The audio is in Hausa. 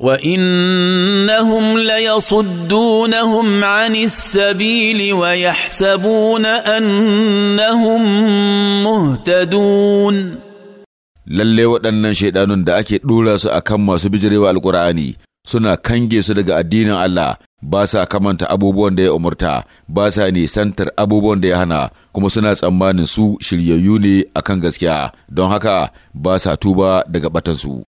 وانهم ليصدونهم عن السبيل ويحسبون انهم مهتدون lalle waɗannan shaidanun da ake ɗora su a kan masu bijirewa alkur'ani suna kange su daga addinin Allah ba sa kamanta abubuwan da ya umarta ba sa nisantar abubuwan da ya hana kuma suna tsammanin su shiryayyu ne akan gaskiya don haka ba sa tuba daga batansu.